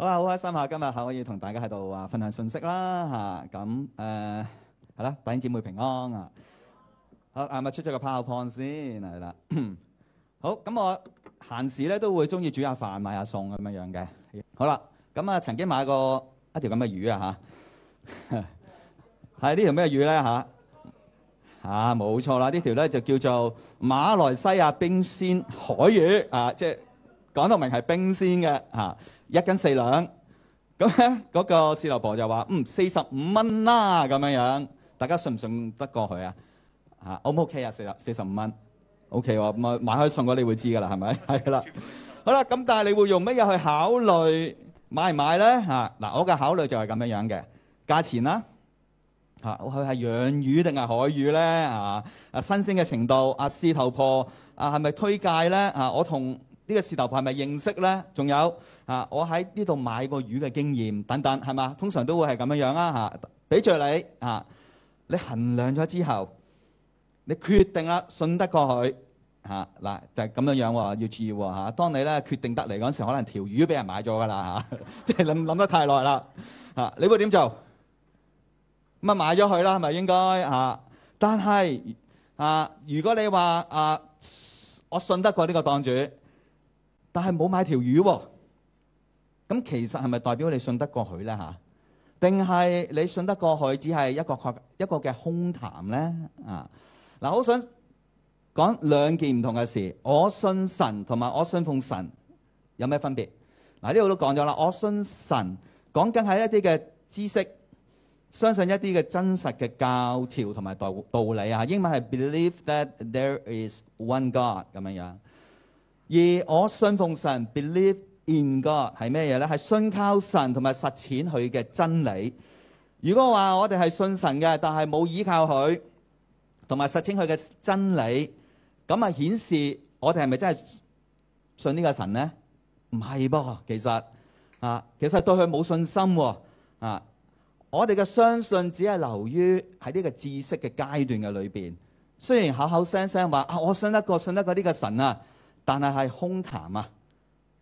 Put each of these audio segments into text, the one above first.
好啊，好開心啊！今日可以同大家喺度話分享信息啦嚇，咁誒係啦，弟兄姊妹平安啊，啊！好，阿麥出咗個 PowerPoint 先係啦。好，咁我閒時咧都會中意煮下飯、買下餸咁樣樣嘅。好啦，咁啊曾經買過一條咁嘅魚啊吓，係呢、啊啊、呢條咩魚咧吓，嚇冇錯啦，呢條咧就叫做馬來西亞冰鮮海魚啊，即、就、係、是、講到明係冰鮮嘅嚇。啊一斤四兩，咁咧嗰個事頭婆就話：嗯，四十五蚊啦，咁樣樣，大家信唔信得過佢啊？嚇，O 唔 OK 啊？四十，四十五蚊，OK 喎，買買開餸嗰你會知㗎啦，係咪？係啦，好啦，咁但係你會用乜嘢去考慮買唔買咧？嚇，嗱，我嘅考慮就係咁樣樣嘅價錢啦，嚇，我係係養魚定係海魚咧？嚇，啊新鮮嘅程度，啊事頭婆啊係咪推介咧？啊，我同。呢、這個事頭婆係咪認識咧？仲有啊，我喺呢度買過魚嘅經驗等等係嘛？通常都會係咁樣樣啊。嚇。俾著你啊，你衡量咗之後，你決定啦，信得過佢嚇嗱就係、是、咁樣樣、啊、要注意嚇、啊。當你咧決定得嚟嗰時候，可能條魚都俾人買咗㗎啦嚇，即係諗諗得太耐啦嚇。你會點做？咁啊買咗佢啦，係咪應該嚇？但係啊，如果你話啊，我信得過呢個檔主。但係冇買條魚，咁其實係咪代表你信得過佢呢？吓？定係你信得過佢只係一個確一個嘅空談呢？啊嗱，好想講兩件唔同嘅事。我信神同埋我信奉神有咩分別？嗱、啊，呢度都講咗啦。我信神講緊係一啲嘅知識，相信一啲嘅真實嘅教條同埋道道理啊。英文係 believe that there is one God 咁樣樣。而我信奉神，believe in God，係咩嘢呢？係信靠神同埋實踐佢嘅真理。如果話我哋係信神嘅，但係冇依靠佢同埋實踐佢嘅真理，咁啊顯示我哋係咪真係信呢個神呢？唔係噃，其實啊，其實對佢冇信心喎、啊。啊，我哋嘅相信只係留於喺呢個知識嘅階段嘅裏邊。雖然口口聲聲話啊，我信得過信得過呢個神啊。但係係空談啊！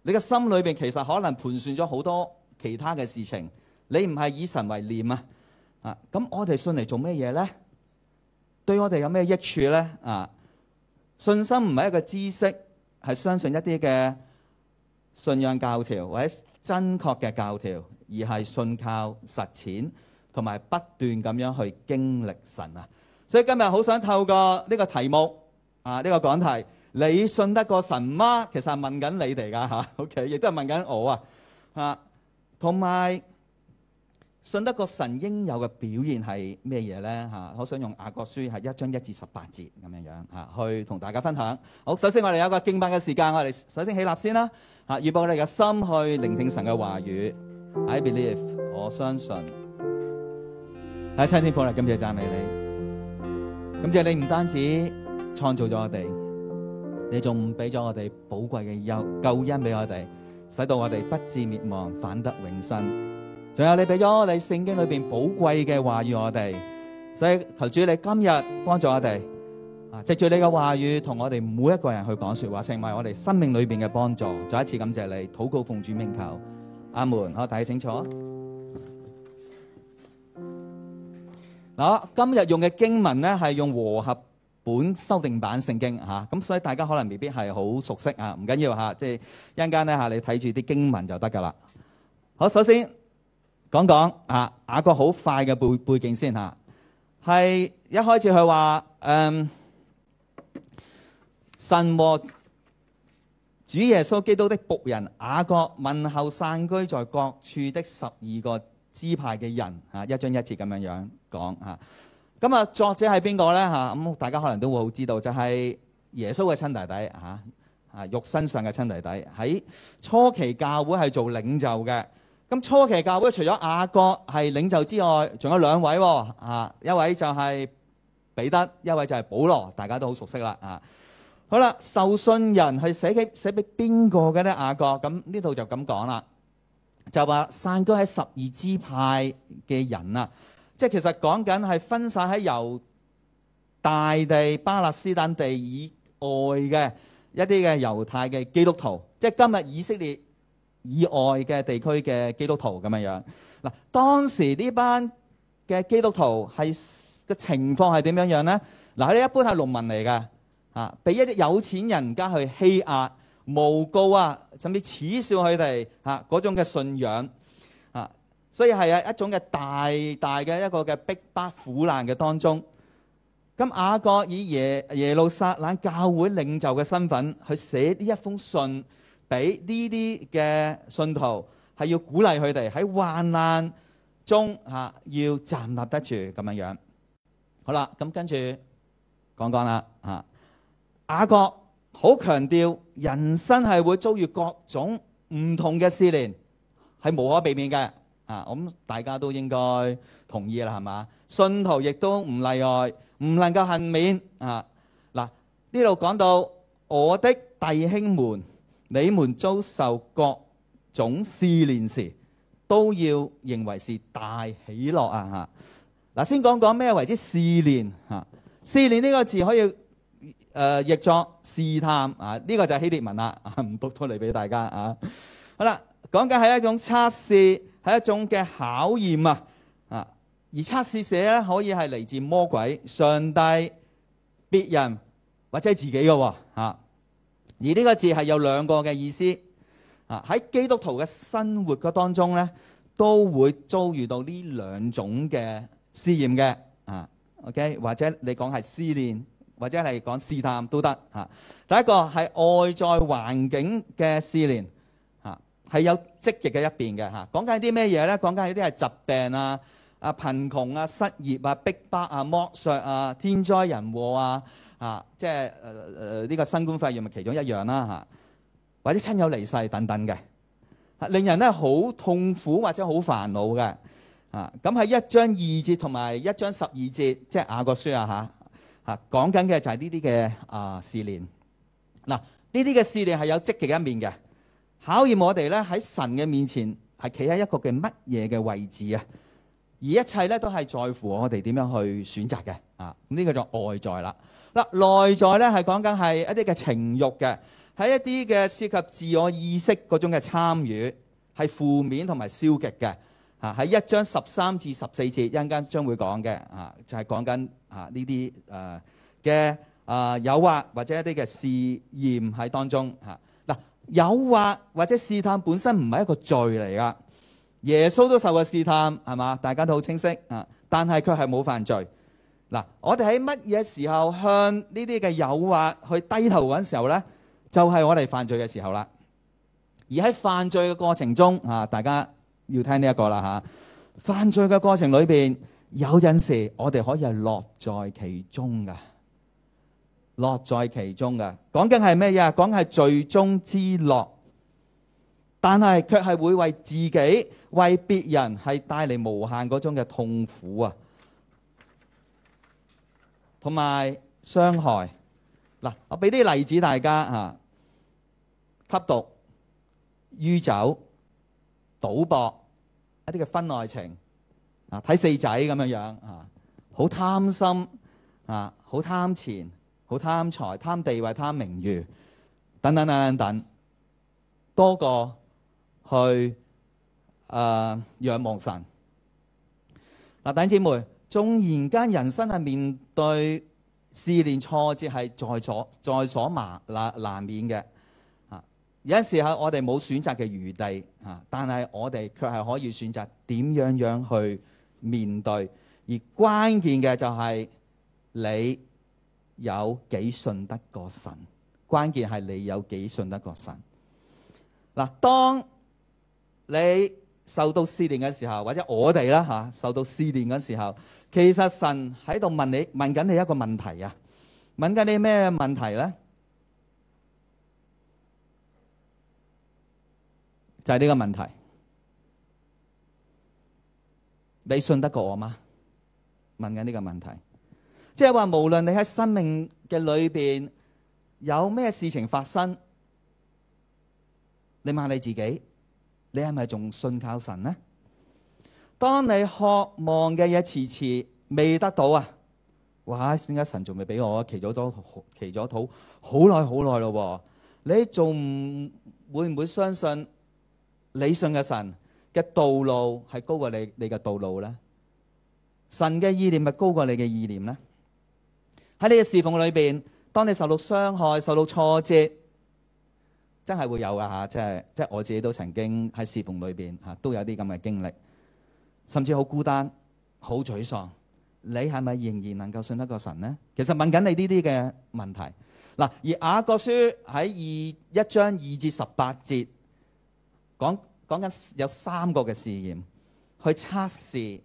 你嘅心裏邊其實可能盤算咗好多其他嘅事情，你唔係以神為念啊！啊，咁我哋信嚟做咩嘢呢？對我哋有咩益處呢？啊，信心唔係一個知識，係相信一啲嘅信仰教條或者真確嘅教條，而係信靠實踐，同埋不斷咁樣去經歷神啊！所以今日好想透過呢個題目啊，呢個講題。你信得過神嗎？其實係問緊你哋㗎嚇，O K，亦都係問緊我啊啊！同埋信得過神應有嘅表現係咩嘢咧嚇？我想用雅各書係一章一至十八節咁樣樣嚇，去同大家分享。好，首先我哋有個敬拜嘅時間，我哋首先起立先啦嚇，預備我哋嘅心去聆聽神嘅話語。I believe，我相信。喺七天破例，感謝讚美你，感謝你唔單止創造咗我哋。你仲俾咗我哋寶貴嘅憂救恩俾我哋，使到我哋不至滅亡，反得永生。仲有你俾咗我哋聖經裏邊寶貴嘅話語我哋，所以求主你今日幫助我哋啊！藉住你嘅話語同我哋每一個人去講說話，成為我哋生命裏邊嘅幫助。再一次感謝你，禱告奉主名求，阿門。好，睇清楚。嗱，今日用嘅經文咧係用和合本修訂版聖經嚇，咁所以大家可能未必係好熟悉啊，唔緊要嚇，即係一陣間呢，嚇，你睇住啲經文就得噶啦。好，首先講講啊，雅各好快嘅背背景先嚇，係一開始佢話誒，神和主耶穌基督的僕人雅各問候散居在各處的十二個支派嘅人嚇，一章一節咁樣樣講嚇。咁啊，作者係邊個呢？吓咁，大家可能都會好知道，就係、是、耶穌嘅親弟弟，吓肉身上嘅親弟弟，喺初期教會係做領袖嘅。咁初期教會除咗雅各係領袖之外，仲有兩位，吓一位就係彼得，一位就係保羅，大家都好熟悉啦。吓好啦，受信人係寫給寫俾邊個嘅呢？雅各，咁呢度就咁講啦，就話散居喺十二支派嘅人啊。即係其實講緊係分散喺猶大地、巴勒斯坦地以外嘅一啲嘅猶太嘅基督徒，即係今日以色列以外嘅地區嘅基督徒咁樣樣。嗱，當時呢班嘅基督徒係個情況係點樣樣呢？嗱，佢哋一般係農民嚟嘅啊，俾一啲有錢人家去欺壓、誣告啊，甚至恥笑佢哋嚇嗰種嘅信仰。所以係啊，一種嘅大大嘅一個嘅逼迫迫苦難嘅當中，咁雅各以耶耶路撒冷教會領袖嘅身份去寫呢一封信俾呢啲嘅信徒，係要鼓勵佢哋喺患難中嚇、啊、要站立得住咁樣樣。好啦，咁跟住講講啦嚇。雅各好強調人生係會遭遇各種唔同嘅試煉，係無可避免嘅。啊！咁大家都應該同意啦，係嘛？信徒亦都唔例外，唔能夠幸免啊。嗱，呢度講到我的弟兄們，你們遭受各種試煉時，都要認為是大喜樂啊。嚇嗱，先講講咩為之試煉啊？試煉呢個字可以誒譯作試探啊。呢個就係希臘文啦，唔讀出嚟俾大家啊。好啦，講緊係一種測試。係一種嘅考驗啊！啊，而測試者咧可以係嚟自魔鬼、上帝、別人或者係自己嘅喎啊！而呢個字係有兩個嘅意思啊！喺基督徒嘅生活嘅當中咧，都會遭遇到呢兩種嘅試驗嘅啊。OK，或者你講係試煉，或者係講試探都得啊。第一個係外在環境嘅試煉。係有積極嘅一邊嘅嚇，講緊啲咩嘢咧？講緊有啲係疾病啊、啊貧窮啊、失業啊、逼迫啊、剝削啊、天災人禍啊、啊即係誒誒呢個新冠肺炎咪其中一樣啦嚇、啊，或者親友離世等等嘅、啊，令人咧好痛苦或者好煩惱嘅啊。咁喺一章二節同埋一章十二節，即係雅各書啊嚇嚇，講緊嘅就係呢啲嘅啊試煉。嗱、啊，呢啲嘅試煉係有積極嘅一面嘅。考驗我哋咧喺神嘅面前係企喺一個嘅乜嘢嘅位置啊！而一切咧都係在乎我哋點樣去選擇嘅啊！咁呢個就外在啦。嗱，內在咧係講緊係一啲嘅情欲嘅，喺一啲嘅涉及自我意識嗰種嘅參與，係負面同埋消極嘅。啊，喺一章十三至十四節一陣間將會講嘅啊，就係講緊啊呢啲誒嘅啊誘惑或者一啲嘅試驗喺當中誘惑或者試探本身唔係一個罪嚟噶，耶穌都受過試探係嘛？大家都好清晰啊，但係佢係冇犯罪。嗱，我哋喺乜嘢時候向呢啲嘅誘惑去低頭嗰陣時候呢，就係、是、我哋犯罪嘅時候啦。而喺犯罪嘅過程中啊，大家要聽呢一個啦吓，犯罪嘅過程裏邊有陣時我哋可以係樂在其中噶。樂在其中嘅，講緊係咩嘢？講緊係罪中之樂，但係卻係會為自己、為別人係帶嚟無限嗰種嘅痛苦啊，同埋傷害。嗱，我俾啲例子大家吓：吸毒、酗酒、賭博、一啲嘅婚外情啊，睇四仔咁樣樣啊，好貪心啊，好貪錢。好貪財、貪地位、貪名譽，等等等等等，等，多過去誒、呃、仰望神。嗱、呃，弟兄姊妹，縱然間人生係面對試煉挫折，係在所在所難難免嘅。有時候我哋冇選擇嘅餘地啊，但係我哋卻係可以選擇點樣樣去面對，而關鍵嘅就係你，有幾信得過神？關鍵係你有幾信得過神？嗱，當你受到試煉嘅時候，或者我哋啦吓受到試煉嘅時候，其實神喺度問你問緊你一個問題啊，問緊你咩問題咧？就係呢個問題，你信得過我嗎？問緊呢個問題。即係話，無論你喺生命嘅裏邊有咩事情發生，你問下你自己，你係咪仲信靠神呢？當你渴望嘅嘢遲遲未得到啊，哇！點解神仲未俾我？祈咗咗，祈咗禱好耐好耐咯。你仲會唔會相信你信嘅神嘅道路係高過你你嘅道路咧？神嘅意念咪高過你嘅意念咧？喺你嘅侍奉裏邊，當你受到傷害、受到挫折，真係會有噶吓，即係即係我自己都曾經喺侍奉裏邊吓，都有啲咁嘅經歷，甚至好孤單、好沮喪，你係咪仍然能夠信得過神呢？其實問緊你呢啲嘅問題，嗱，而雅各書喺一章二至十八節講講緊有三個嘅試驗，去測試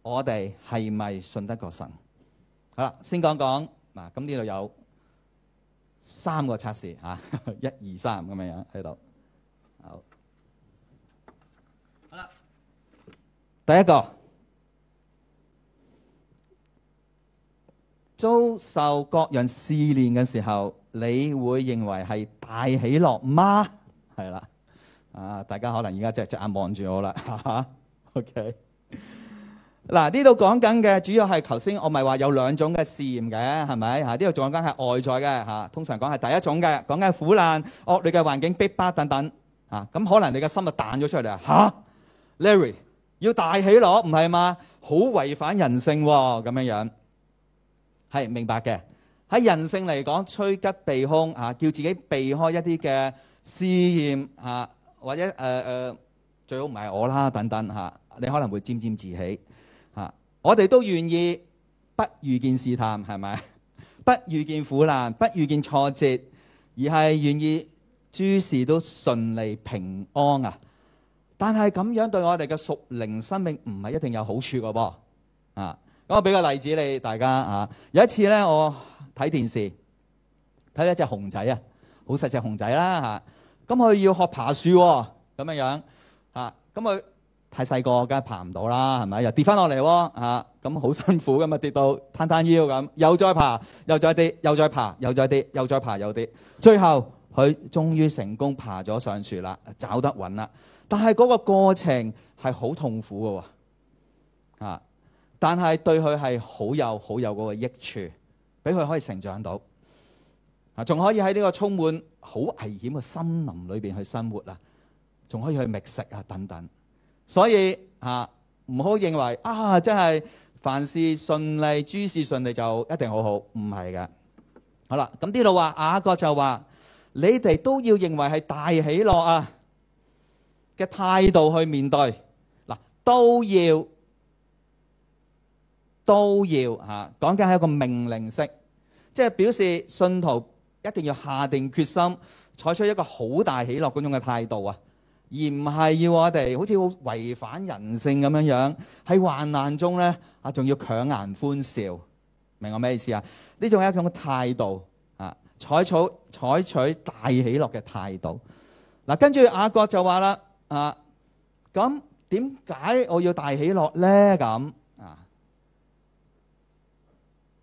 我哋係咪信得過神。好啦，先講講嗱，咁呢度有三個測試嚇、啊，一二三咁樣樣喺度。好，好啦，第一個，遭受各人試煉嘅時候，你會認為係大喜樂嗎？係啦，啊，大家可能而家隻隻眼望住我啦，嚇 ，OK。嗱，呢度講緊嘅主要係頭先我咪話有兩種嘅試驗嘅，係咪嚇？呢度講緊係外在嘅嚇，通常講係第一種嘅，講緊苦難惡劣嘅環境逼巴等等嚇。咁可能你嘅心就彈咗出嚟啊嚇。Larry 要大起落唔係嘛，好違反人性咁樣樣，係明白嘅，喺人性嚟講，趨吉避凶嚇，叫自己避開一啲嘅試驗嚇，或者誒誒最好唔係我啦等等嚇，你可能會沾沾自喜。我哋都願意不遇見試探，係咪？不遇見苦難，不遇見挫折，而係願意諸事都順利平安啊！但係咁樣對我哋嘅屬靈生命唔係一定有好處㗎噃啊！咁我俾個例子你大家，啊、有一次咧我睇電視，睇一隻熊仔啊，好細隻熊仔啦吓，咁，啊、佢要學爬樹咁，哦、樣樣吓，咁，啊、佢。太細個，梗係爬唔到啦，係咪又跌翻落嚟喎？咁、啊、好辛苦噶嘛，跌到攤攤腰咁，又再爬，又再跌，又再爬，又再跌，又再，又再爬，又再跌。最後佢終於成功爬咗上樹啦，找得穩啦。但係嗰個過程係好痛苦嘅喎、啊，但係對佢係好有好有嗰個益處，俾佢可以成長到，啊，仲可以喺呢個充滿好危險嘅森林裏面去生活啊，仲可以去覓食啊等等。所以啊，唔好認為啊，真係凡事順利、諸事順利就一定好好，唔係噶。好啦，咁呢度話雅各就話：你哋都要認為係大喜樂啊嘅態度去面對嗱，都要都要吓，講緊係一個命令式，即係表示信徒一定要下定決心，採取一個好大喜樂嗰種嘅態度啊。而唔係要我哋好似好違反人性咁樣樣，喺患難中呢，啊，仲要強顏歡笑，明我咩意思啊？呢種係一種態度啊，採取採取大喜樂嘅態度。嗱、啊，跟住雅各就話啦，啊，咁點解我要大喜樂呢？咁啊，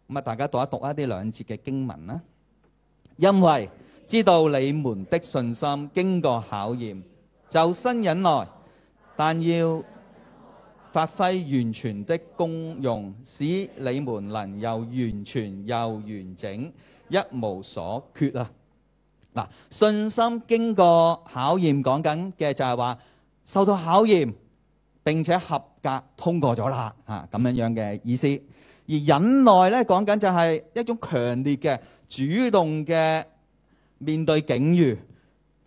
咁啊，大家讀一讀一啲兩節嘅經文啦。因為知道你們的信心經過考驗。就新忍耐，但要發揮完全的功用，使你們能又完全又完整，一無所缺啊！嗱，信心經過考驗說的就是說，講緊嘅就係話受到考驗，並且合格通過咗啦，嚇咁樣嘅意思。而忍耐呢，講緊就係一種強烈嘅主動嘅面對境遇。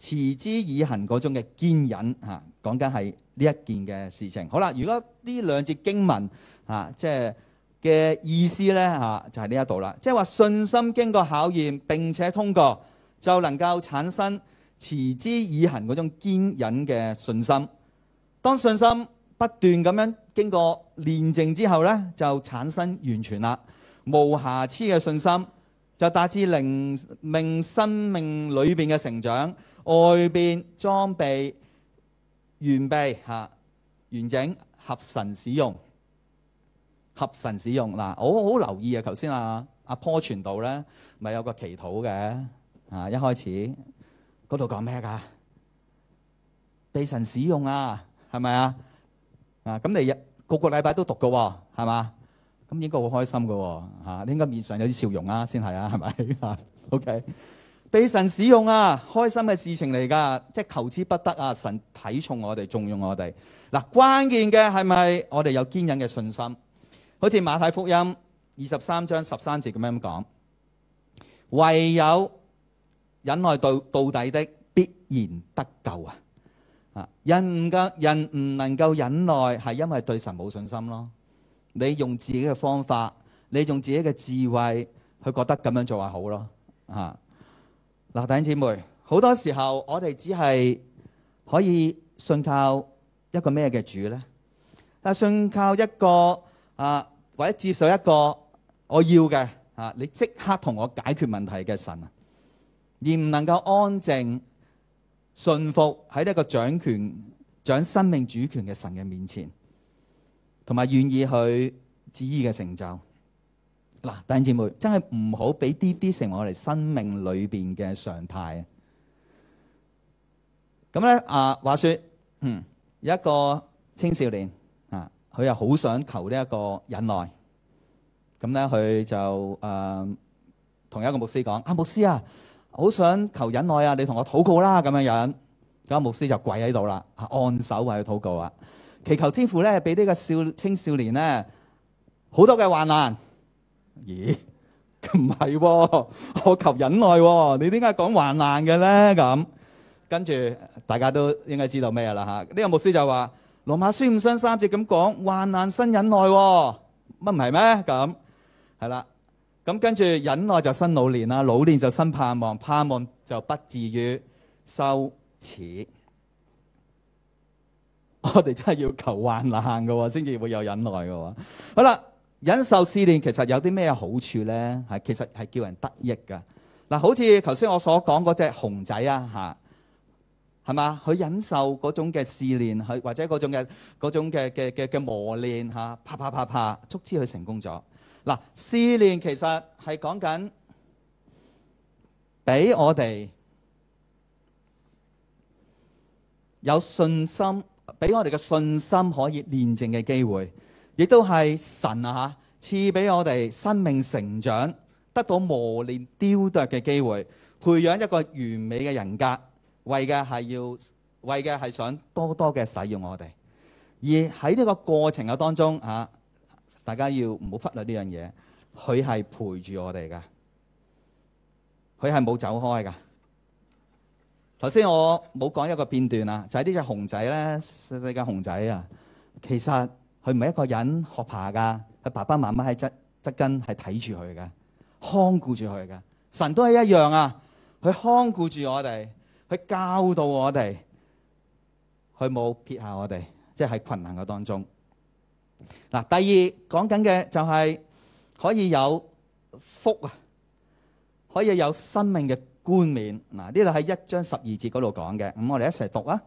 持之以恒嗰種嘅堅忍嚇，講緊係呢一件嘅事情。好啦，如果呢兩節經文嚇、啊，即係嘅意思呢，嚇、啊，就係呢一度啦。即係話信心經過考驗並且通過，就能夠產生持之以恒嗰種堅忍嘅信心。當信心不斷咁樣經過煉淨之後呢，就產生完全啦、無瑕疵嘅信心，就達至靈命生命裏邊嘅成長。外邊裝備完備吓，完整合神使用，合神使用嗱，我、哦、好留意剛才啊！頭先啊，阿坡傳道咧，咪有個祈禱嘅，一開始嗰度講咩噶？被神使用啊，係咪啊？啊咁你日個個禮拜都讀噶，係嘛？咁應該好開心噶吓，應該面上有啲笑容是啊，先係啊，係咪？O K。俾神使用啊，開心嘅事情嚟㗎，即係求之不得啊！神體重我哋，重用我哋。嗱，關鍵嘅係咪我哋有堅忍嘅信心？好似馬太福音二十三章十三節咁樣講，唯有忍耐到到底的，必然得救啊！啊，人唔夠，人唔能夠忍耐，係因為對神冇信心咯。你用自己嘅方法，你用自己嘅智慧去覺得咁樣做係好咯，啊！嗱，弟兄姐妹，好多時候我哋只係可以信靠一個咩嘅主呢？啊，信靠一個啊，或者接受一個我要嘅啊，你即刻同我解決問題嘅神，而唔能夠安靜、信服喺呢一個掌權、掌生命主權嘅神嘅面前，同埋願意去旨意嘅成就。嗱，弟兄姊妹，真係唔好俾啲啲成為我哋生命裏邊嘅常態。咁咧啊，話說，嗯，有一個青少年啊，佢又好想求呢一個忍耐。咁咧，佢就誒、啊、同一個牧師講：，啊，牧師啊，好想求忍耐啊！你同我禱告啦，咁樣樣。咁啊，牧師就跪喺度啦，按手為佢禱告啊。祈求天父咧，俾呢個少青少年咧，好多嘅患難。咦，唔係、哦、我求忍耐、哦，你點解講患難嘅咧？咁跟住，大家都應該知道咩啦吓？呢、這個牧師就話：，羅馬書五章三節咁講，患難生忍耐、哦，乜唔係咩？咁係啦。咁跟住忍耐就生老年啦，老年就生盼望，盼望就不至於羞恥。我哋真係要求患難喎、哦，先至會有忍耐喎、哦。好啦。忍受試煉其實有啲咩好處呢？係其實係叫人得益噶。嗱，好似頭先我所講嗰隻熊仔啊，吓係嘛？佢忍受嗰種嘅試煉，佢或者嗰種嘅嗰種嘅嘅嘅嘅磨練吓，啪啪啪啪，足之佢成功咗。嗱，試煉其實係講緊俾我哋有信心，俾我哋嘅信心可以練正嘅機會。亦都係神啊吓，賜俾我哋生命成長，得到磨練雕琢嘅機會，培養一個完美嘅人格，為嘅係要，為嘅係想多多嘅使用我哋。而喺呢個過程嘅當中啊，大家要唔好忽略呢樣嘢，佢係陪住我哋噶，佢係冇走開噶。頭先我冇講一個片段啊，就係呢隻熊仔咧，細細嘅熊仔啊，其實。佢唔係一個人學爬㗎，佢爸爸媽媽喺側側跟係睇住佢㗎，看顧住佢㗎。神都係一樣啊，佢看顧住我哋，佢教導我哋，佢冇撇下我哋，即係喺困難嘅當中嗱。第二講緊嘅就係可以有福啊，可以有生命嘅冠冕嗱。呢度喺一章十二節嗰度講嘅，咁我哋一齊讀啊。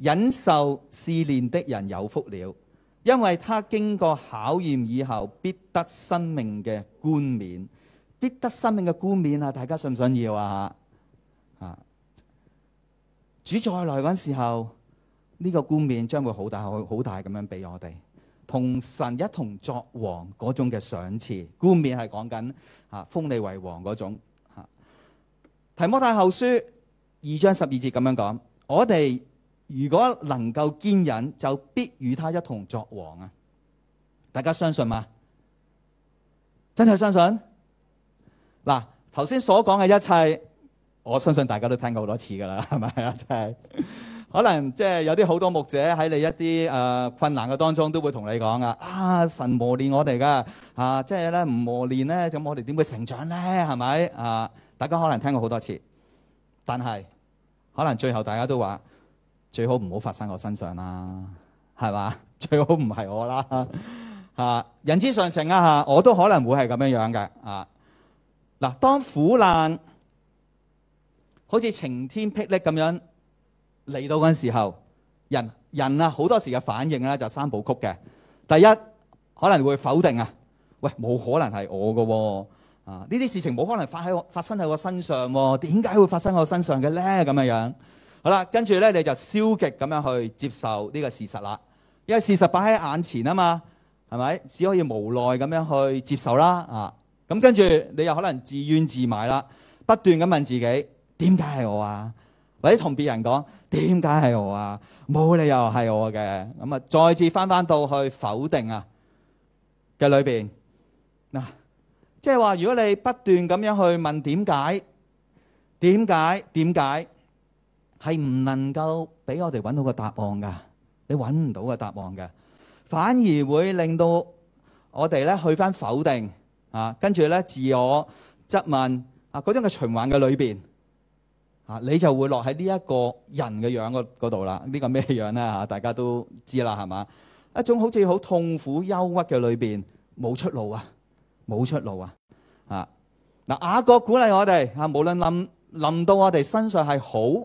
忍受試煉的人有福了。因為他經過考驗以後，必得生命嘅冠冕，必得生命嘅冠冕啊！大家信唔信要啊？啊！主再來嗰時候，呢、呢個冠冕將會好大好大咁樣俾我哋，同神一同作王嗰種嘅賞賜。冠冕係講緊吓封你為王嗰種吓、啊。提摩太後書二章十二節咁樣講，我哋。如果能夠堅忍，就必與他一同作王啊！大家相信嘛？真係相信？嗱，頭先所講嘅一切，我相信大家都聽過好多次噶啦，係咪啊？真係 可能即係、就是、有啲好多牧者喺你一啲、呃、困難嘅當中，都會同你講啊！神磨練我哋噶啊，即係咧唔磨練咧，咁我哋點會成長咧？係咪啊？大家可能聽過好多次，但係可能最後大家都話。最好唔好發生我身上啦，係嘛？最好唔係我啦，啊！人之常情啊，吓，我都可能會係咁樣樣嘅啊。嗱，當苦難好似晴天霹靂咁樣嚟到嗰陣時候，人人啊，好多時嘅反應咧就三部曲嘅。第一，可能會否定啊，喂，冇可能係我噶，啊呢啲事情冇可能發喺我發生喺我身上，點解會發生喺我身上嘅咧？咁樣樣。好啦，跟住呢，你就消極咁樣去接受呢個事實啦，因為事實擺喺眼前啊嘛，係咪？只可以無奈咁樣去接受啦啊！咁跟住，你又可能自怨自艾啦，不斷咁問自己：點解係我啊？或者同別人講：點解係我啊？冇理由係我嘅。咁啊，再次翻翻到去否定啊嘅裏邊嗱，即係話如果你不斷咁樣去問點解？點解？點解？係唔能夠俾我哋揾到個答案噶？你揾唔到個答案嘅，反而會令到我哋咧去翻否定啊，跟住咧自我質問啊，嗰種嘅循環嘅裏邊啊，你就會落喺呢一個人嘅樣嗰度啦。呢、這個咩樣咧？嚇，大家都知啦，係嘛？一種好似好痛苦憂鬱嘅裏邊，冇出路啊，冇出路啊！啊，嗱、啊，雅各鼓勵我哋嚇、啊，無論臨臨到我哋身上係好。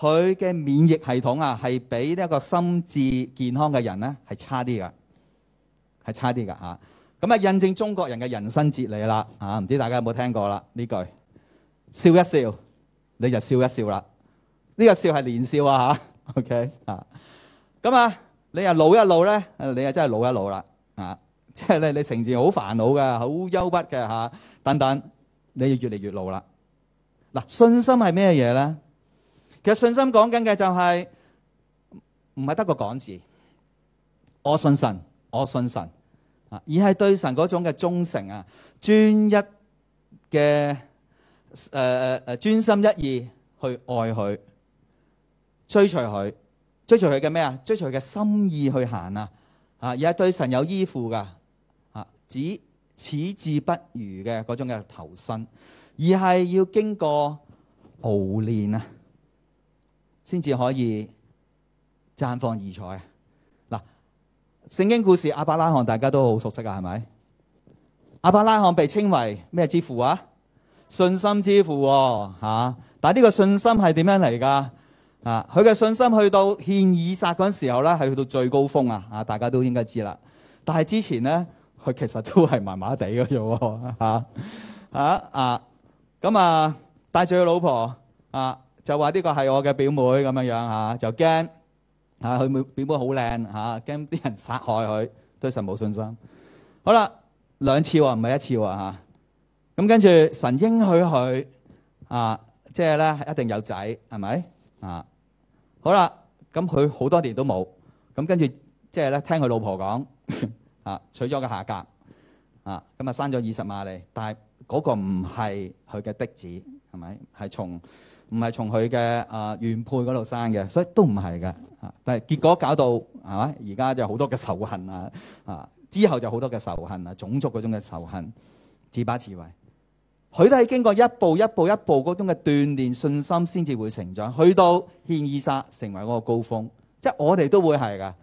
佢嘅免疫系統啊，係比呢一個心智健康嘅人咧，係差啲㗎。係差啲㗎。吓。咁啊，印證中國人嘅人生哲理啦，吓、啊、唔知大家有冇聽過啦呢句？笑一笑，你就笑一笑啦。呢、這個笑係年少啊，OK 啊。咁啊，你又老一老咧，你又真係老一老啦，啊，即、就、係、是、你你成日好煩惱嘅，好憂鬱嘅吓，等等，你要越嚟越老啦。嗱、啊，信心係咩嘢咧？嘅信心講緊嘅就係唔係得個講字。我信神，我信神啊，而係對神嗰種嘅忠誠啊、專一嘅誒誒誒、專、呃、專心一意去愛佢、追隨佢、追隨佢嘅咩啊？追隨佢嘅心意去行啊！啊，而係對神有依附噶啊，矢志不渝嘅嗰種嘅投身，而係要經過熬練啊！先至可以綻放異彩啊！嗱，聖經故事亞伯拉罕大家都好熟悉噶，係咪？亞伯拉罕被稱為咩之父啊？信心之父喎，啊啊、但係呢個信心係點樣嚟㗎？啊，佢嘅信心去到獻以撒嗰陣時候咧，係去到最高峰啊！啊，大家都應該知啦。但係之前呢，佢其實都係麻麻地嘅啫喎嚇啊！咁啊，啊，啊，帶住佢老婆啊。就話呢個係我嘅表妹，咁樣樣吓，就驚吓佢表表妹好靚吓，驚啲人殺害佢，對神冇信心。好啦，兩次喎，唔係一次喎吓。咁跟住神應許佢啊，即係咧一定有仔係咪啊？好啦，咁佢好多年都冇，咁跟住即係咧聽佢老婆講啊，娶咗個下格，啊，咁啊生咗二十馬利，但係嗰個唔係佢嘅嫡子係咪？係從。唔係從佢嘅啊原配嗰度生嘅，所以都唔係嘅，但、啊、係結果搞到係嘛？而、啊、家就好多嘅仇恨啊！啊，之後就好多嘅仇恨啊，種族嗰種嘅仇恨，自把自為。佢都係經過一步一步一步嗰種嘅鍛鍊，信心先至會成長。去到獻以撒成為嗰個高峰，即、就、係、是、我哋都會係噶。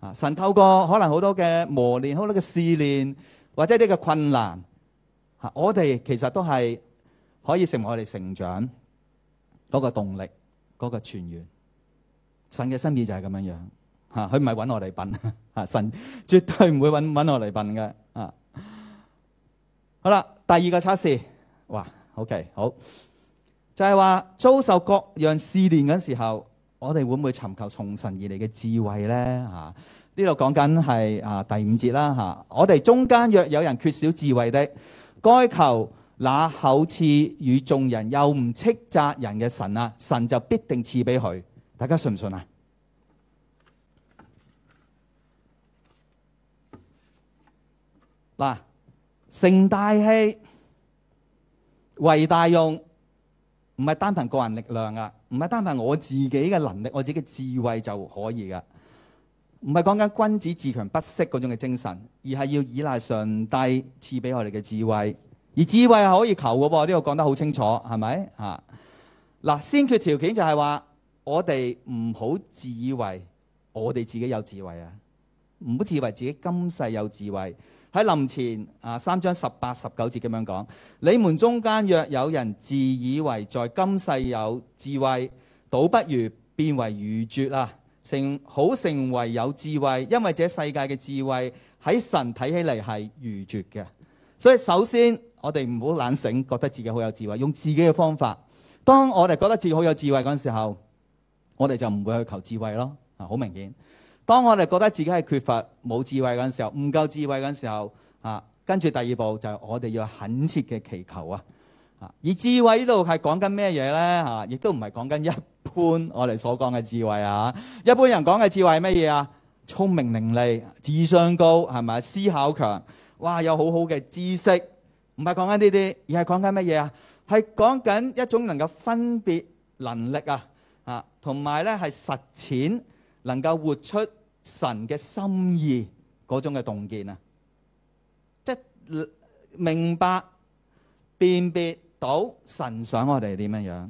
啊，神透過可能好多嘅磨練，好多嘅試煉，或者呢啲困難，啊、我哋其實都係可以成為我哋成長。嗰、那個動力，嗰、那個泉源，神嘅心意就係咁樣樣，佢唔係搵我嚟笨、啊、神絕對唔會搵我嚟笨嘅啊。好啦，第二個測試，哇，OK，好，就係、是、話遭受各樣試煉嘅時候，我哋會唔會尋求從神而嚟嘅智慧咧？呢度講緊係啊，啊第五節啦、啊、我哋中間若有人缺少智慧的，該求。那厚賜與眾人又唔斥責人嘅神啊，神就必定賜俾佢。大家信唔信啊？嗱、啊，成大器、為大用，唔係單憑個人力量噶，唔係單憑我自己嘅能力、我自己嘅智慧就可以噶。唔係講緊君子自強不息嗰種嘅精神，而係要依賴上帝賜俾我哋嘅智慧。而智慧係可以求噶噃，呢個講得好清楚，係咪啊？嗱，先決條件就係話我哋唔好自以為我哋自己有智慧啊，唔好自以為自己今世有智慧。喺林前啊三章十八十九節咁樣講，你們中間若有人自以為在今世有智慧，倒不如變為愚拙啊，成好成為有智慧，因為這世界嘅智慧喺神睇起嚟係愚拙嘅。所以首先。我哋唔好懶醒，覺得自己好有智慧，用自己嘅方法。當我哋覺得自己好有智慧嗰陣時候，我哋就唔會去求智慧咯。啊，好明顯。當我哋覺得自己係缺乏冇智慧嗰陣時候，唔夠智慧嗰陣時候，啊，跟住第二步就係我哋要懇切嘅祈求啊。啊，而智慧呢度係講緊咩嘢呢？亦都唔係講緊一般我哋所講嘅智慧啊。一般人講嘅智慧係咩嘢啊？聰明伶俐、智商高係咪？思考強，哇，有好好嘅知識。唔係講緊呢啲，而係講緊乜嘢啊？係講緊一種能夠分別能力啊，啊，同埋咧係實踐能夠活出神嘅心意嗰種嘅洞見啊！即明白辨別到神想我哋點樣樣，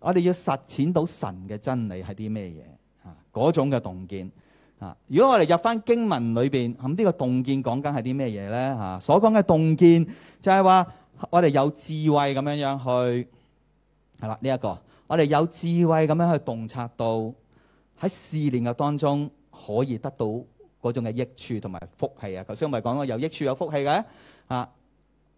我哋要實踐到神嘅真理係啲咩嘢啊？嗰種嘅洞見。啊！如果我哋入翻經文裏邊，咁呢個洞見講緊係啲咩嘢咧？吓，所講嘅洞見就係話我哋有智慧咁樣樣去，係啦呢一個，我哋有智慧咁樣去洞察到喺試煉嘅當中可以得到嗰種嘅益處同埋福氣啊！頭先我咪講過有益處有福氣嘅啊！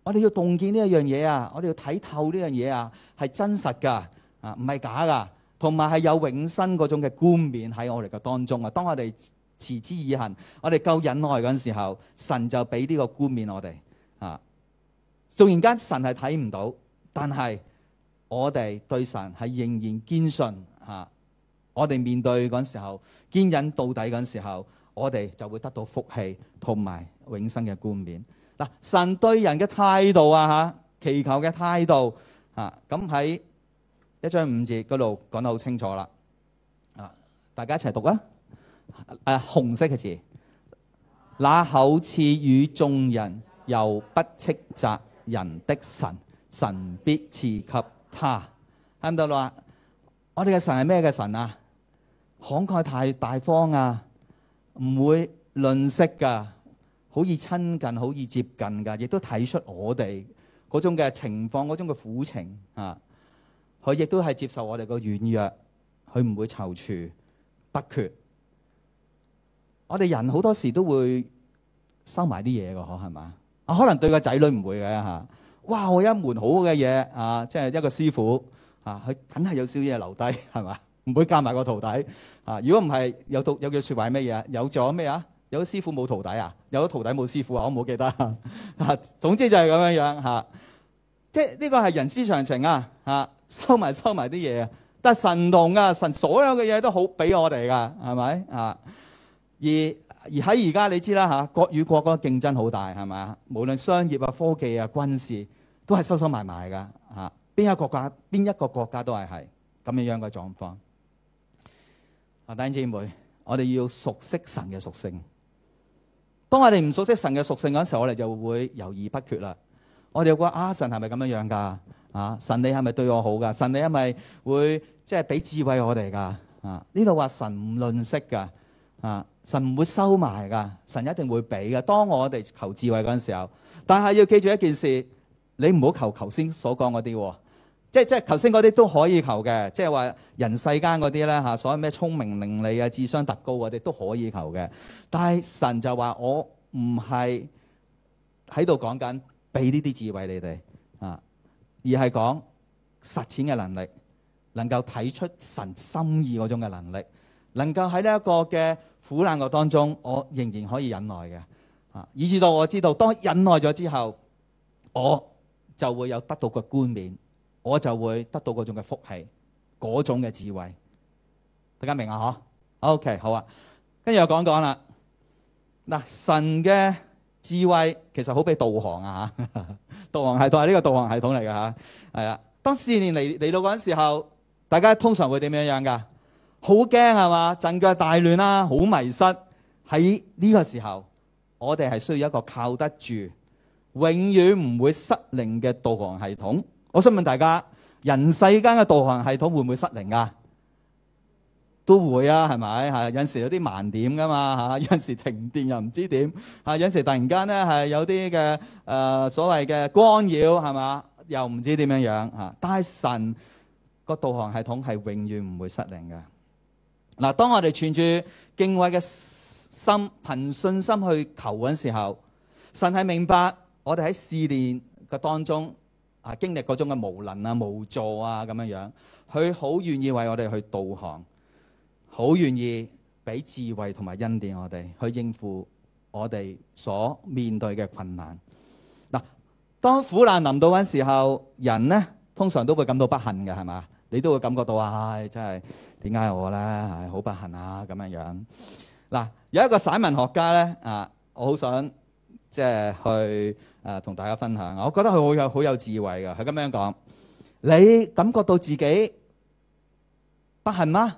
我哋要洞見呢一樣嘢啊，我哋要睇透呢樣嘢啊，係真實噶啊，唔係假噶同埋係有永生嗰種嘅冠冕喺我哋嘅當中啊！當我哋持之以恆，我哋夠忍耐嗰陣時候，神就俾呢個冠冕我哋啊！縱然間神係睇唔到，但係我哋對神係仍然堅信、啊、我哋面對嗰陣時候堅忍到底嗰陣時候，我哋就會得到福氣同埋永生嘅冠冕嗱、啊！神對人嘅態度啊，啊祈求嘅態度咁喺。啊一章五字嗰度講得好清楚啦，啊！大家一齊讀啦，誒、啊、紅色嘅字，那厚賜與眾人又不斥責人的神，神必賜給他。啱到啦？我哋嘅神係咩嘅神啊？慷慨太大方啊，唔會吝嗇噶，好易親近，好易接近噶，亦都睇出我哋嗰種嘅情況，嗰種嘅苦情啊！佢亦都係接受我哋個軟弱，佢唔會躊躇不決。我哋人好多時都會收埋啲嘢噶，嗬係嘛？啊，可能對個仔女唔會嘅嘩、啊，哇！我有一門好嘅嘢啊，即係一個師傅啊，佢梗係有少少嘢留低係嘛？唔會加埋個徒弟啊。如果唔係有道有句説話係咩嘢啊？有咗咩啊？有，個有，有師傅冇徒弟啊？有咗徒弟冇師傅啊？我唔記得啊。總之就係咁樣樣即係呢個係、這個、人之常情啊，啊收埋收埋啲嘢啊！但神同啊，神所有嘅嘢都好俾我哋噶，係咪啊？而而喺而家你知啦吓，國與國嗰競爭好大，係咪啊？無論商業啊、科技啊、軍事，都係收收埋埋噶啊！邊一個國家，邊一個國家都係係咁樣樣嘅狀況。啊，弟兄姊妹，我哋要熟悉神嘅屬性。當我哋唔熟悉神嘅屬性嗰時候，我哋就會猶豫不決啦。我哋話啊，神係咪咁樣樣噶？啊！神你係咪對我好噶？神你係咪會即係俾智慧我哋噶？啊！呢度話神唔吝嗇噶，啊！神唔會收埋噶，神一定會俾噶。當我哋求智慧嗰陣時候，但係要記住一件事，你唔好求頭先所講嗰啲，即係即係頭先嗰啲都可以求嘅，即係話人世間嗰啲咧吓，所謂咩聰明伶俐啊、智商、特高嗰啲都可以求嘅。但係神就話我唔係喺度講緊俾呢啲智慧你哋。而係講實踐嘅能力，能夠睇出神心意嗰種嘅能力，能夠喺呢一個嘅苦難嘅當中，我仍然可以忍耐嘅。啊，以至到我知道，當忍耐咗之後，我就會有得到個冠冕，我就會得到嗰種嘅福氣，嗰種嘅智慧。大家明啊？嗬？OK，好啊。跟住又講講啦。嗱，啊，神嘅。智慧其實好比導航啊，導航系統係呢個導航系統嚟㗎嚇，係啊。當試驗嚟嚟到嗰陣時候，大家通常會點樣樣㗎？好驚係嘛？陣腳大亂啦，好迷失。喺呢個時候，我哋係需要一個靠得住、永遠唔會失靈嘅導航系統。我想問大家，人世間嘅導航系統會唔會失靈啊？都會啊，係咪？係，有陣時有啲盲點，噶嘛，吓，有陣時停電又唔知點，吓，有陣時突然間咧係有啲嘅、誒所謂嘅干擾，係嘛，又唔知點樣樣吓。但係神個導航系統係永遠唔會失靈嘅。嗱，當我哋存住敬畏嘅心，憑信心去求陣時候，神係明白我哋喺試煉嘅當中啊，經歷嗰種嘅無能啊、無助啊咁樣樣，佢好願意為我哋去導航。好願意俾智慧同埋恩典我哋去應付我哋所面對嘅困難。嗱，當苦難臨到嗰陣時候，人呢通常都會感到不幸嘅，係嘛？你都會感覺到啊、哎，真係點解我呢？好、哎、不幸啊咁樣樣。嗱，有一個散文學家呢，啊，我好想即係、就是、去啊同、呃、大家分享。我覺得佢好有好有智慧㗎。佢咁樣講：你感覺到自己不幸嗎？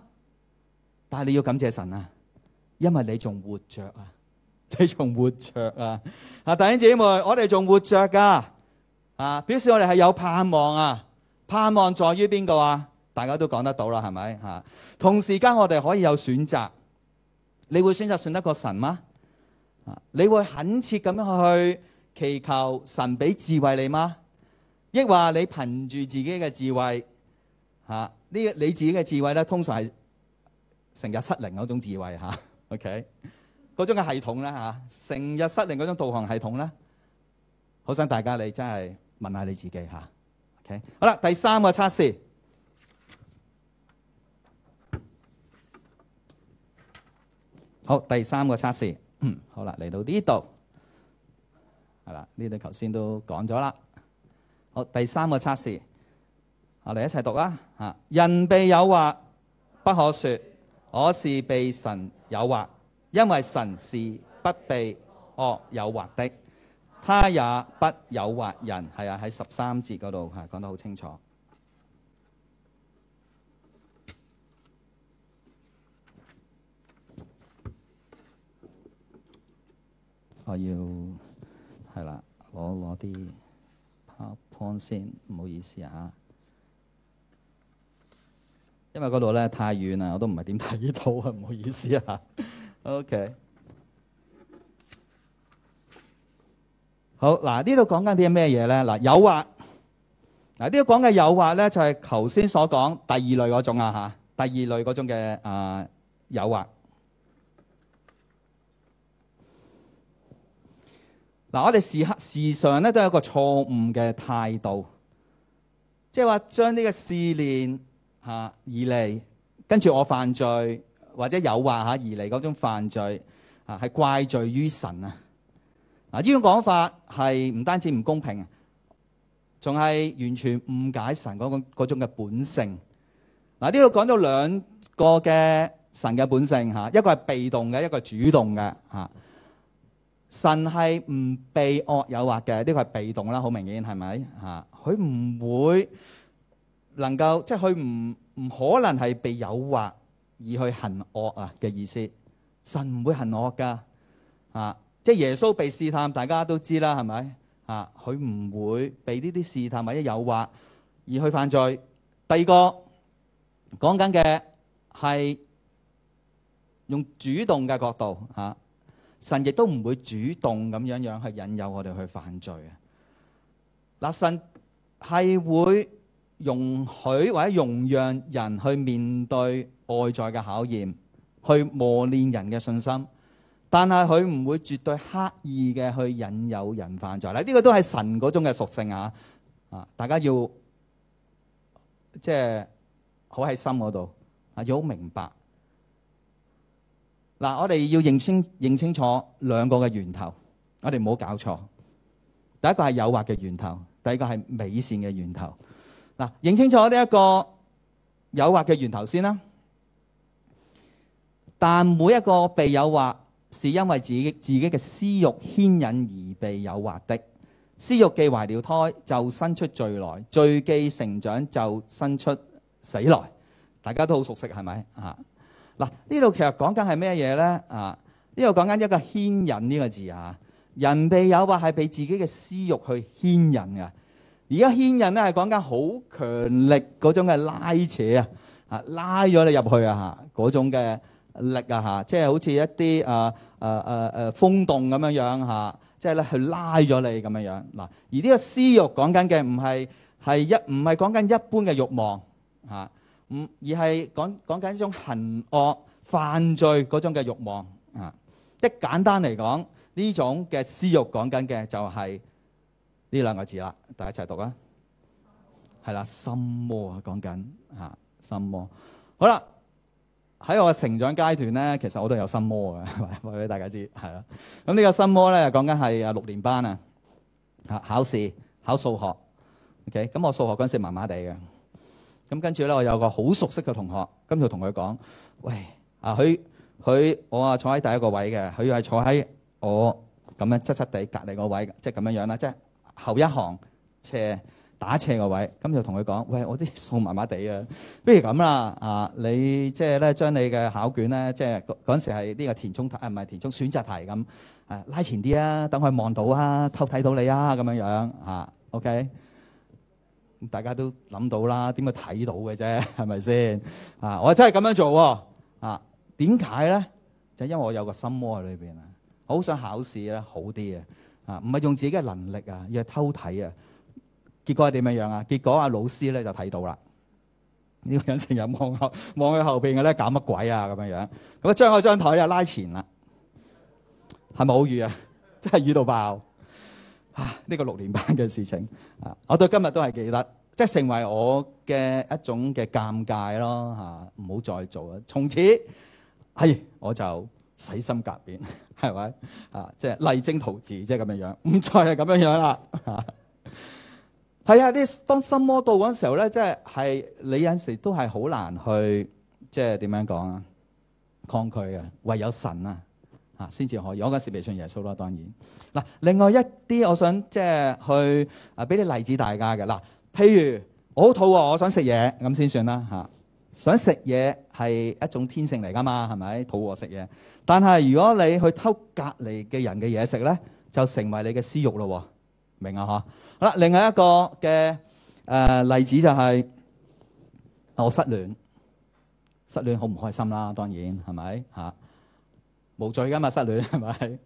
但係你要感謝神啊，因為你仲活着啊，你仲活着啊，啊，弟兄姐妹，我哋仲活着噶、啊，啊表示我哋係有盼望啊，盼望在於邊個啊？大家都講得到啦，係咪吓？同時間我哋可以有選擇，你會選擇信得過神嗎？啊，你會懇切咁樣去祈求神俾智慧你嗎？抑或你憑住自己嘅智慧？吓、啊、呢你自己嘅智慧咧，通常係。成日失靈嗰種智慧嚇，OK 嗰種嘅系統咧嚇，成日失靈嗰種導航系統咧，好想大家你真係問下你自己嚇，OK 好啦。第三個測試，好第三個測試，嗯好啦，嚟到呢度係啦，呢度頭先都講咗啦。好,好第三個測試，我哋一齊讀啦嚇。人被誘惑，不可說。我是被神誘惑，因為神是不被惡誘惑的，他也不誘惑人。係啊，喺十三節嗰度係講得好清楚。我要係啦，攞攞啲 PowerPoint 先，唔好意思啊。因為嗰度咧，太遠啦，我都唔係點睇呢套啊，唔好意思啊。OK，好嗱，這裡的什麼呢度講緊啲咩嘢咧？嗱，誘惑嗱，呢度講嘅誘惑咧，就係頭先所講第二類嗰種啊吓，第二類嗰種嘅啊誘惑。嗱，我哋時刻時常咧都有一個錯誤嘅態度，即係話將呢個試煉。啊，而嚟，跟住我犯罪或者誘惑吓，而嚟嗰種犯罪啊，係怪罪於神啊！呢種講法係唔單止唔公平，仲係完全誤解神嗰種嗰種嘅本性。嗱，呢度講到兩個嘅神嘅本性吓，一個係被動嘅，一個係主動嘅吓。神係唔被惡誘惑嘅，呢個係被動啦，好明顯係咪吓？佢唔會。能夠即係佢唔唔可能係被誘惑而去行惡啊嘅意思，神唔會行惡噶啊！即係耶穌被試探，大家都知啦，係咪啊？佢唔會被呢啲試探或者誘惑而去犯罪。第二個講緊嘅係用主動嘅角度啊，神亦都唔會主動咁樣樣去引誘我哋去犯罪啊。嗱，神係會。容許或者容讓人去面對外在嘅考驗，去磨練人嘅信心，但係佢唔會絕對刻意嘅去引誘人犯罪。嗱，呢個都係神嗰種嘅屬性啊！啊，大家要即係、就是、好喺心嗰度啊，要好明白。嗱、啊，我哋要認清認清楚兩個嘅源頭，我哋唔好搞錯。第一個係誘惑嘅源頭，第二個係美善嘅源頭。嗱，認清楚呢一個誘惑嘅源頭先啦。但每一個被誘惑，是因為自己自己嘅私欲牽引而被誘惑的。私欲既懷了胎，就生出罪來；罪既成長，就生出死來。大家都好熟悉，係咪啊？嗱，呢度其實講緊係咩嘢呢？啊，呢度講緊一個牽引呢個字啊。人被誘惑係被自己嘅私欲去牽引嘅。而家牽引咧，係講緊好強力嗰種嘅拉扯拉，就是、啊，啊拉咗你入去啊，嗰種嘅力啊，嚇即係好似一啲啊啊啊啊風洞咁樣樣嚇，即係咧去拉咗你咁樣樣嗱。而呢個私欲講緊嘅唔係係一唔係講緊一般嘅欲望嚇，唔而係講講緊一種行惡犯罪嗰種嘅欲望啊。的簡單嚟講，呢種嘅私欲講緊嘅就係、是。呢兩個字啦，大家一齊讀啊，係、嗯、啦，心魔啊，講緊啊，心魔。好啦。喺我嘅成長階段咧，其實我都有心魔嘅，話俾大家知係啦。咁呢個心魔咧，講緊係啊六年班啊，考試考試考數學。OK，咁我數學嗰陣時麻麻地嘅。咁跟住咧，我有個好熟悉嘅同學，跟住同佢講：喂啊，佢佢我啊坐喺第一個位嘅，佢係坐喺我咁樣側側地隔離個位，即係咁樣樣啦，即係。後一行斜打斜個位，咁就同佢講：喂，我啲數麻麻地啊，不如咁啦啊，你即係咧將你嘅考卷咧，即係嗰陣時係呢個填充題啊，唔係填充選擇題咁啊，拉前啲啊，等佢望到啊，偷睇到你啊，咁樣樣啊，OK，大家都諗到啦，點會睇到嘅啫，係咪先啊？我真係咁樣做啊？點解咧？就因為我有個心魔喺裏邊啊，好想考試咧，好啲啊！啊，唔係用自己嘅能力啊，要偷睇啊，結果係點樣樣啊？結果阿老師咧就睇到啦。呢個人成日望後面，望佢後邊嘅咧搞乜鬼啊？咁樣樣，咁啊將個張枱啊，拉前啦，係咪好瘀啊？真係瘀到爆。啊，呢個六年班嘅事情啊，我到今日都係記得，即係成為我嘅一種嘅尷尬咯嚇，唔好再做啦，從此係我就洗心革面。係咪、就是就是、 啊？即係勵精圖治，即係咁樣樣，唔再係咁樣樣啦。係啊，啲當心魔到嗰陣時候咧，即係係你有陣時都係好難去，即係點樣講啊？抗拒啊，唯有神啊，吓先至可以。我嗰時未信耶穌啦，當然。嗱，另外一啲，我想即係、就是、去啊，俾啲例子大家嘅。嗱，譬如我好肚餓，我想食嘢咁先算啦。吓，想食嘢係一種天性嚟噶嘛？係咪肚餓食嘢？但係如果你去偷隔離嘅人嘅嘢食咧，就成為你嘅私欲咯，明啊？吓，好啦，另外一個嘅誒、呃、例子就係、是、我、哦、失戀，失戀好唔開心啦，當然係咪嚇？無罪噶嘛，失戀係咪？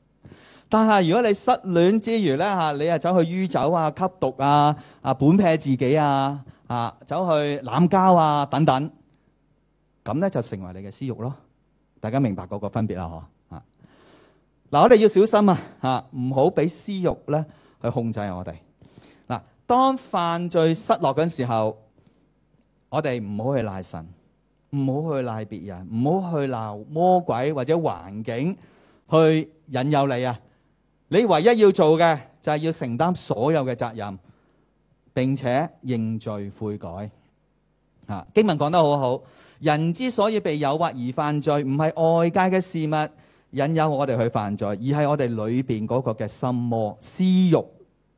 但係如果你失戀之餘咧嚇，你係走去酗酒啊、吸毒啊、啊本撇自己啊、啊走去濫交啊等等，咁咧就成為你嘅私欲咯。大家明白嗰個分別啦，嗬啊！嗱，我哋要小心啊，嚇唔好俾私慾咧去控制我哋。嗱，當犯罪失落嗰陣時候，我哋唔好去賴神，唔好去賴別人，唔好去鬧魔鬼或者環境去引誘你啊！你唯一要做嘅就係要承擔所有嘅責任，並且認罪悔改。啊，經文講得好好。人之所以被誘惑而犯罪，唔係外界嘅事物引誘我哋去犯罪，而係我哋裏邊嗰個嘅心魔、私欲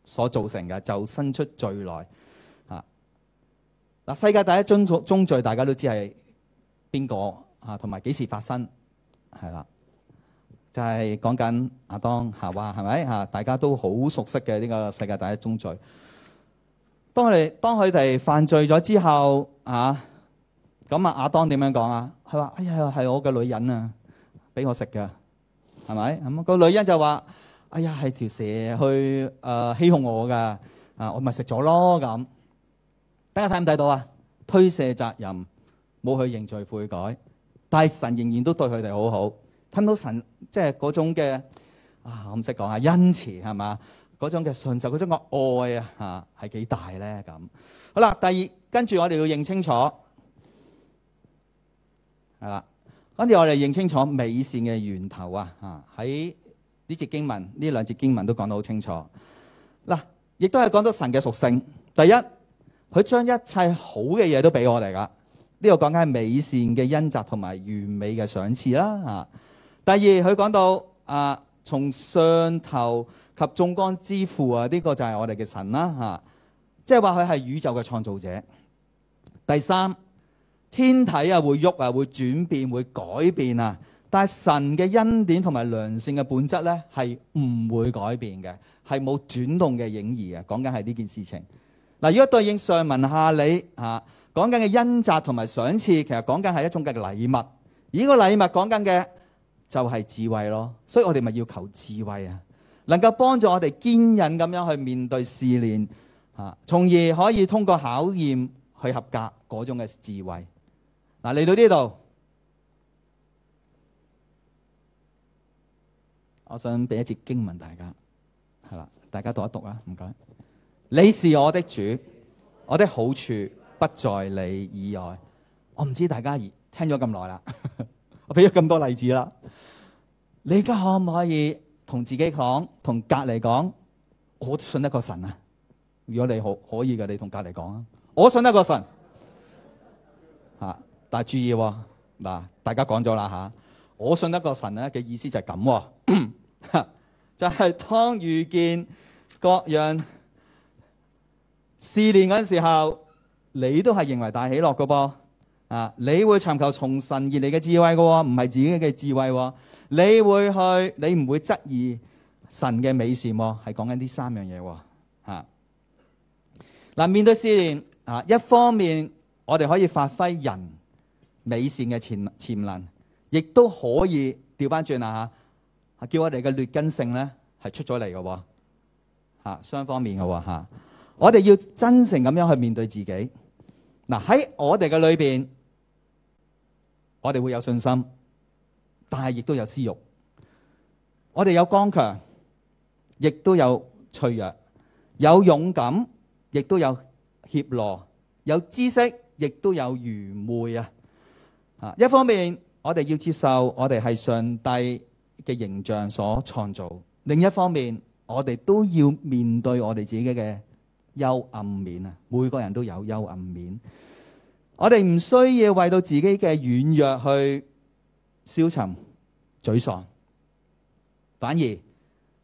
所造成嘅，就生出罪來。啊，嗱，世界第一宗宗罪，大家都知係邊個啊？同埋幾時發生？係啦、啊，就係講緊阿當夏娃，係、啊、咪啊，啊？大家都好熟悉嘅呢、呢個世界第一宗罪。當佢哋當佢哋犯罪咗之後啊。咁啊，亞當點樣講啊？佢話：哎呀，係我嘅女人啊，俾我食嘅，係咪？咁、個女人就話：哎呀，係條蛇去誒、呃、欺哄我噶，啊我咪食咗咯咁。大家睇唔睇到啊？推卸責任，冇去認罪悔改，但係神仍然都對佢哋好好。聽到神即係嗰種嘅啊，我唔識講啊，恩慈係嘛？嗰種嘅信受，嗰種嘅愛啊吓，係幾大咧咁。好啦，第二，跟住我哋要認清楚。係啦，跟住我哋認清楚美善嘅源頭啊！啊，喺呢節經文，呢兩節經文都講得好清楚。嗱，亦都係講到神嘅屬性。第一，佢將一切好嘅嘢都俾我哋噶，呢個講緊美善嘅恩澤同埋完美嘅賞賜啦。啊，第二，佢講到啊，從上頭及眾光之父啊，呢個就係我哋嘅神啦。吓，即係話佢係宇宙嘅創造者。第三。天體啊，會喐啊，會轉變、會改變啊，但係神嘅恩典同埋良善嘅本質呢，係唔會改變嘅，係冇轉動嘅影兒嘅，講緊係呢件事情。嗱，如果對應上文下理嚇，講緊嘅恩澤同埋賞賜，其實講緊係一種嘅禮物。而呢個禮物講緊嘅就係智慧咯，所以我哋咪要求智慧啊，能夠幫助我哋堅忍咁樣去面對試煉嚇，從而可以通過考驗去合格嗰種嘅智慧。嗱，嚟到呢度，我想俾一節經文大家，係啦，大家讀一讀啊，唔該。你是我的主，我的好處不在你以外。我唔知大家聽咗咁耐啦， 我俾咗咁多例子啦。你而家可唔可以同自己講，同隔籬講，我信得過神啊？如果你好可以嘅，你同隔籬講啊，我信得過神。嗱，注意喎，嗱，大家講咗啦嚇，我信得過神咧嘅意思就係咁，就係當遇見各樣試煉嗰陣時候，你都係認為大喜樂嘅噃，啊，你會尋求從神而嚟嘅智慧嘅喎，唔係自己嘅智慧你會去，你唔會質疑神嘅美善喎，係講緊呢三樣嘢喎，嗱，面對試煉啊，一方面我哋可以發揮人。美善嘅潛潛能，亦都可以調翻轉啊！吓，叫我哋嘅劣根性咧係出咗嚟嘅，吓雙方面嘅吓。我哋要真誠咁樣去面對自己。嗱喺我哋嘅裏邊，我哋會有信心，但係亦都有私欲。我哋有剛強，亦都有脆弱；有勇敢，亦都有怯懦；有知識，亦都有愚昧啊！一方面，我哋要接受我哋係上帝嘅形象所創造；另一方面，我哋都要面對我哋自己嘅幽暗面啊！每個人都有幽暗面，我哋唔需要為到自己嘅軟弱去消沉沮喪，反而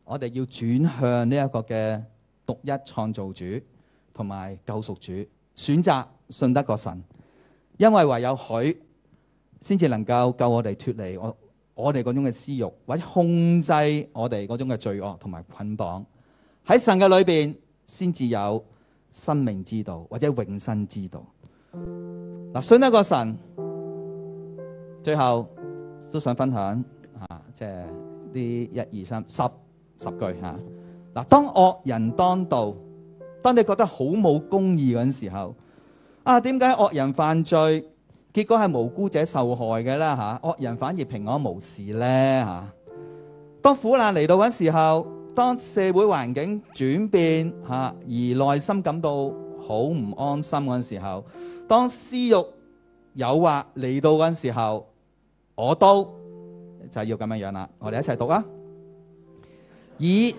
我哋要轉向呢一個嘅獨一創造主同埋救贖主，選擇信得過神，因為唯有佢。先至能夠救我哋脫離我我哋嗰種嘅私慾，或者控制我哋嗰種嘅罪惡同埋捆綁。喺神嘅裏邊，先至有生命之道或者永生之道。嗱、啊，信一個神，最後都想分享吓，即係呢一二三十十句吓。嗱、啊啊，當惡人當道，當你覺得好冇公義嗰陣時候，啊，點解惡人犯罪？結果係無辜者受害嘅啦吓，惡人反而平安無事咧吓。當苦難嚟到嗰時候，當社會環境轉變吓，而內心感到好唔安心嗰陣時候，當私欲誘惑嚟到嗰時候，我都就要咁樣樣啦。我哋一齊讀啊，以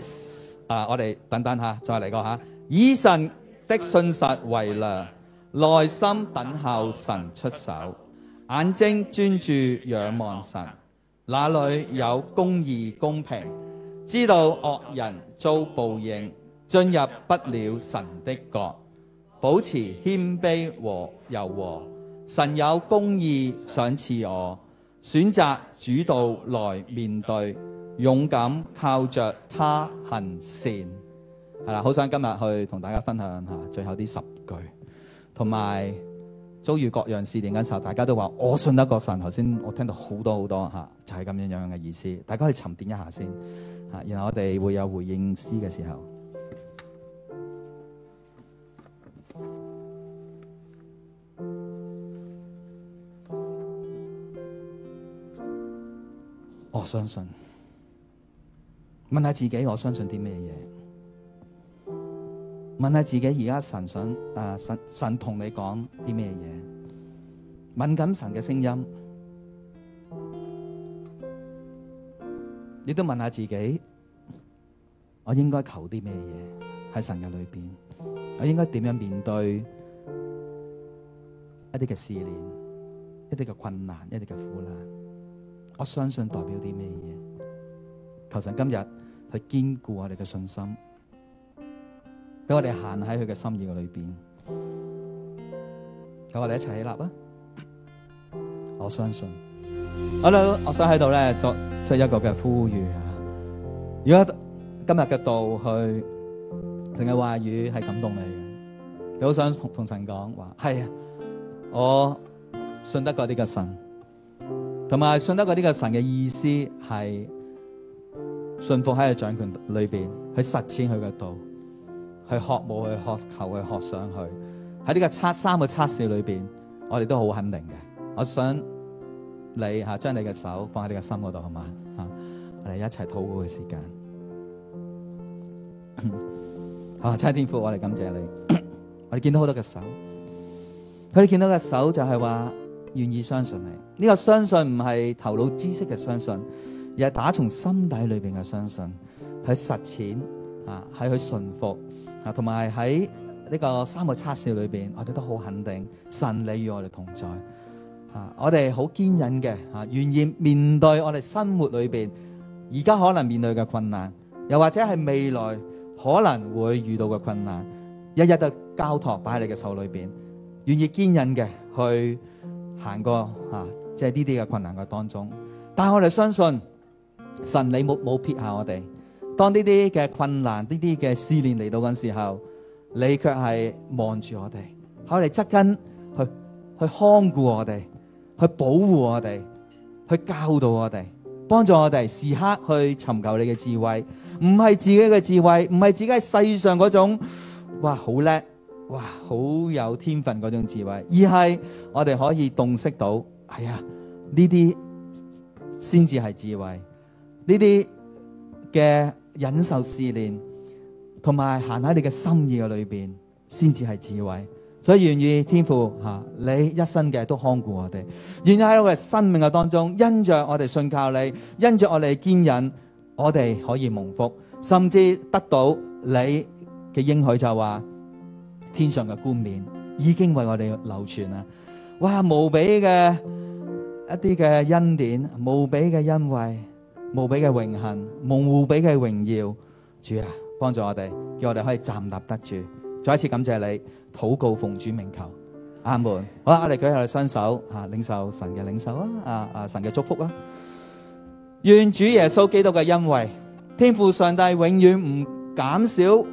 啊我哋等等吓，再嚟個吓，以神的信實為糧。耐心等候神出手，眼睛專注仰望神，哪裏有公義公平，知道惡人遭報應，進入不了神的國，保持謙卑和柔和，神有公義賞賜我，選擇主道來面對，勇敢靠着祂行善，係啦，好想今日去同大家分享下最後啲十句。同埋遭遇各樣事件嘅時候，大家都話我信得過神。頭先我聽到好多好多嚇，就係咁樣樣嘅意思。大家可以沉澱一下先嚇，然後我哋會有回應詩嘅時候。我相信問下自己，我相信啲咩嘢？問下自己，而家神想啊神神同你講啲咩嘢？敏感神嘅聲音，亦都問下自己，我應該求啲咩嘢？喺神嘅裏邊，我應該點樣面對一啲嘅試煉、一啲嘅困難、一啲嘅苦難？我相信代表啲咩嘢？求神今日去堅固我哋嘅信心。俾我哋行喺佢嘅心意嘅裏邊，咁我哋一齊起，起立啦！我相信。好啦，我想喺度咧作出一個嘅呼籲啊！如果今日嘅道去，淨係話語係感動你嘅，你好想同同神講話，係、哎、我信得過呢個神，同埋信得過呢個神嘅意思係信服喺佢掌權裏邊，去實踐佢嘅道。去學舞，去學球，去學上去喺呢個測三個測試裏邊，我哋都好肯定嘅。我想你吓、啊，將你嘅手放喺你嘅心嗰度，好嘛？吓、啊，我哋一齊禱告嘅時間。 啊，真天父，我哋感謝你。 我哋見到好多嘅手，佢哋見到嘅手就係話願意相信你。呢、這個相信唔係頭腦知識嘅相信，而係打從心底裏邊嘅相信。係實踐啊，係去順服。啊，同埋喺呢個三個測試裏邊，我哋都好肯定神你與我哋同在。啊，我哋好堅忍嘅，啊，願意面對我哋生活裏邊而家可能面對嘅困難，又或者係未來可能會遇到嘅困難，一一都交託擺喺你嘅手裏邊，願意堅忍嘅去行過啊，即係呢啲嘅困難嘅當中。但係我哋相信神你冇冇撇下我哋。當呢啲嘅困難、呢啲嘅試煉嚟到嗰時候，你卻係望住我哋，喺我哋側跟去去看顧我哋，去保護我哋，去教導我哋，幫助我哋，時刻去尋求你嘅智慧，唔係自己嘅智慧，唔係自己喺世上嗰種哇好叻，哇好有天分嗰種智慧，而係我哋可以洞悉到，係啊呢啲先至係智慧，呢啲嘅。忍受試煉，同埋行喺你嘅心意嘅裏邊，先至係智慧。所以願意天父吓、啊，你一生嘅都看顧我哋。願意喺我哋生命嘅當中，因着我哋信靠你，因着我哋堅忍，我哋可以蒙福，甚至得到你嘅應許就話，天上嘅冠冕已經為我哋流傳啦。哇，無比嘅一啲嘅恩典，無比嘅恩惠。無比嘅榮幸，無無比嘅榮耀，主啊，幫助我哋，叫我哋可以站立得住。再一次感謝你，禱告奉主名求，阿門。好啦，我哋舉下個伸手，吓、啊、領受神嘅領受啊，啊,啊神嘅祝福啊！願主耶穌基督嘅恩惠、天父上帝永遠唔減少，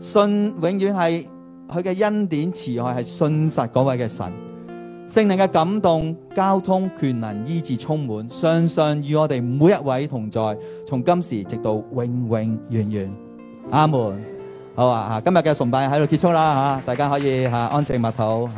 信永遠係佢嘅恩典慈愛係信實嗰位嘅神。聖靈嘅感動，交通權能醫治充滿，相信與我哋每一位同在，從今時直到永永遠遠。阿門。好啊，今日嘅崇拜喺度結束啦，吓，大家可以吓、啊、安靜默禱。